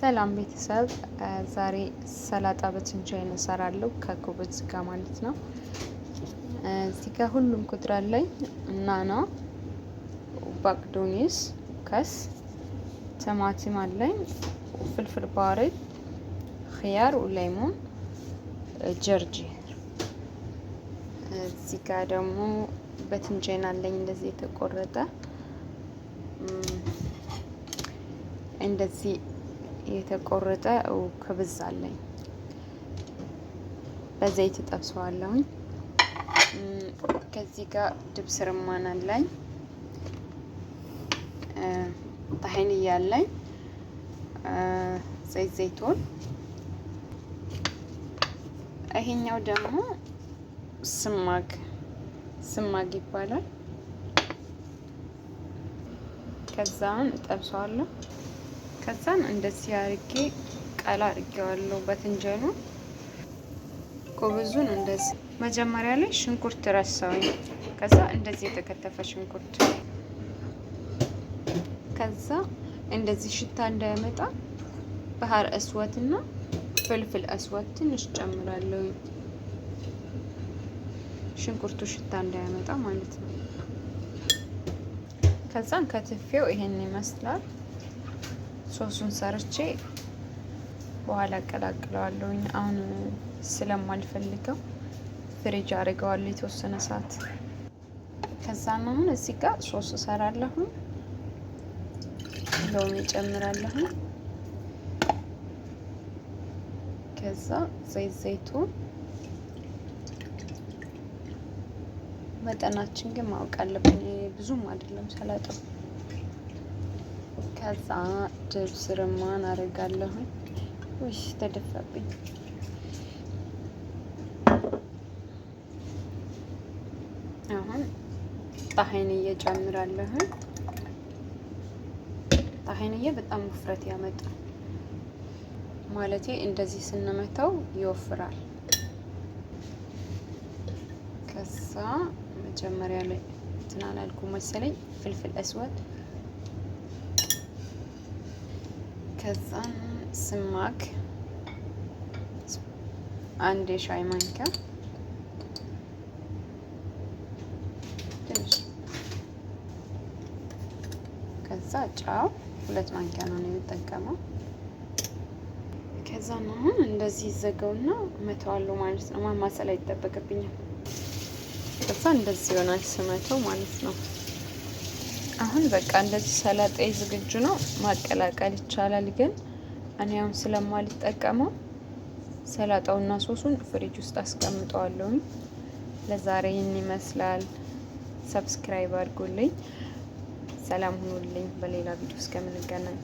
ሰላም ቤተሰብ፣ ዛሬ ሰላጣ በትንቻይ እንሰራለሁ ከኩብዝ ጋር ማለት ነው። እዚህ ጋር ሁሉም ኩድር አለኝ። ናና፣ ባቅዶኒስ፣ ከስ፣ ቲማቲም አለኝ፣ ፍልፍል ባሪድ፣ ኪያር፣ ሌሞን፣ ጀርጂር። እዚህ ጋር ደግሞ በትንቻይን አለኝ እንደዚህ የተቆረጠ እንደዚህ የተቆረጠ ክብዝ አለኝ። በዘይት ጠብሰዋለሁኝ። ከዚህ ጋር ድብስ ርማን አለኝ፣ ታሂንያ አለኝ፣ ዘይት ዘይቱን። ይሄኛው ደግሞ ስማግ ስማግ ይባላል። ከዛን ጠብሰዋለሁ። ከዛን እንደዚህ አርጌ ቀላ አርጌዋለሁ በትንጀኑ ኮብዙን እንደዚህ መጀመሪያ ላይ ሽንኩርት ረሳውኝ። ከዛ እንደዚህ የተከተፈ ሽንኩርት ከዛ እንደዚህ ሽታ እንዳያመጣ ባህር እስወት እና ፍልፍል እስወት ትንሽ ጨምራለሁ። ሽንኩርቱ ሽታ እንዳያመጣ ማለት ነው። ከዛን ከትፌው ይሄን ይመስላል። ሶሱን ሰርቼ በኋላ አቀላቅለዋለሁኝ። አሁን ስለማልፈልገው ፍሪጅ አድርገዋለሁ የተወሰነ ሰዓት። ከዛም አሁን እዚህ ጋር ሶስ እሰራለሁ። ሎሚ ጨምራለሁ። ከዛ ዘይት ዘይቱን መጠናችን ግን ማወቅ አለብን። ብዙም አይደለም ሰላጣው ከዛ ድብስ ርማን አደርጋለሁኝ። ውሽ ተደፋብኝ። አሁን ጣሀይን እየጨምራለሁኝ። ጣሀይንዬ በጣም ውፍረት ያመጣል ማለቴ እንደዚህ ስንመተው ይወፍራል። ከዛ መጀመሪያ ላይ ትናን አልኩ መሰለኝ ፍልፍል አስወድ ከዛን ስማክ አንድ የሻይ ማንኪያ ትንሽ ከዛ ጫው ሁለት ማንኪያ ነው የሚጠቀመው። ከዛ አሁን እንደዚህ ይዘገውና መተዋለሁ ማለት ነው። ማማሰል አይጠበቅብኝም። ከዛ እንደዚህ ይሆናል ስመተው ማለት ነው። አሁን በቃ እንደዚህ ሰላጤ ዝግጁ ነው። ማቀላቀል ይቻላል፣ ግን እኔ አሁን ስለማልጠቀመው ሰላጣውና ሶሱን ፍሪጅ ውስጥ አስቀምጠዋለሁኝ። ለዛሬ ይህን ይመስላል። ሰብስክራይብ አድርጉልኝ። ሰላም ሁኑልኝ። በሌላ ቪዲዮ እስከምንገናኝ